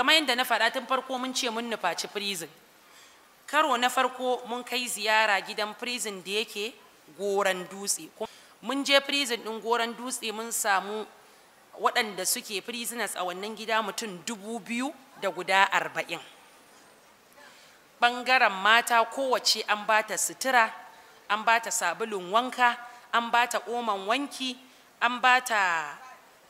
kamar yadda na faɗa tun farko mun ce mun nufaci prison karo na farko mun kai ziyara gidan prison da yake goran dutse mun je prison ɗin goran dutse mun samu waɗanda suke prisoners a wannan gida mutum dubu biyu da guda arba'in ɓangaren mata kowace an ba ta sutura an ba ta sabulun wanka an ba ta oman wanki an ba ta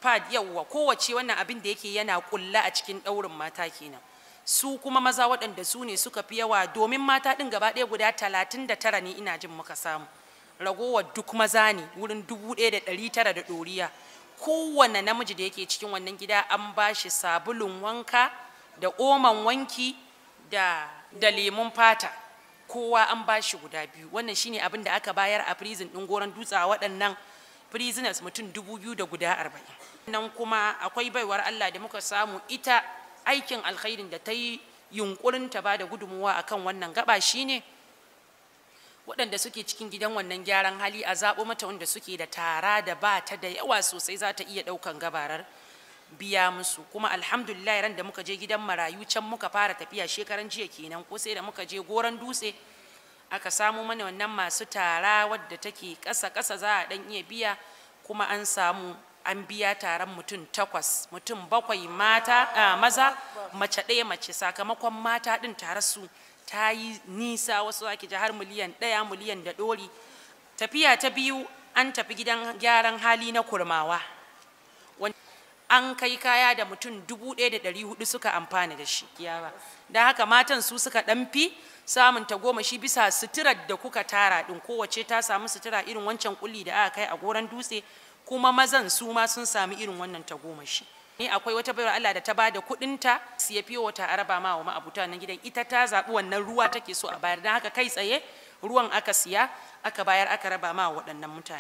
pad yawwa kowace wannan abin da yake yana kulla a cikin daurin mata kenan su kuma maza waɗanda su ne suka fi yawa domin mata ɗin gaba ɗaya guda talatin da tara ne ina jin muka samu ragowar duk maza ne wurin dubu ɗaya da ɗari tara da ɗoriya kowane namiji da yake cikin wannan gida an ba shi sabulun wanka da oman wanki da, da lemun fata kowa an ba shi guda biyu wannan shine abin da aka bayar a prison ɗin goron dutsa waɗannan prisoners mutum dubu biyu da guda arba'in nan kuma akwai baiwar Allah da muka samu ita aikin alkhairin da ta yi yunkurin ta ba da gudunmuwa kan wannan gaba ne waɗanda suke cikin gidan wannan gyaran hali a zaɓo mata wanda suke da tara da ba ta da yawa sosai za ta iya ɗaukan gabarar biya musu kuma alhamdulillah ran da muka je gidan marayu can muka fara tafiya shekaran jiya kenan ko sai da muka je goran dutse aka samu mana wannan masu tara wadda take kasa-kasa za a ɗan iya biya kuma an samu an biya taron mutum takwas mutum bakwai mata a maza mace ɗaya mace sakamakon mata ɗin tare su ta yi nisa wasu ake ji har miliyan ɗaya miliyan da ɗori tafiya ta biyu an tafi gidan gyaran hali na kurmawa an kai kaya da mutum dubu ɗaya da ɗari hudu suka amfana da shi da haka matan su suka ɗanfi samun ta goma shi bisa suturar da kuka tara ɗin kowace ta samu sutura irin wancan kulli da aka kai a goron dutse kuma mazan su ma sun sami irin wannan tagomashi ni akwai wata bayar Allah da ta ba da kuɗin siya fiye wata araba ma wa ma'abuta na gidan ita ta zaɓi wannan ruwa take so a bayar don haka kai tsaye ruwan aka siya aka bayar aka raba ma waɗannan mutane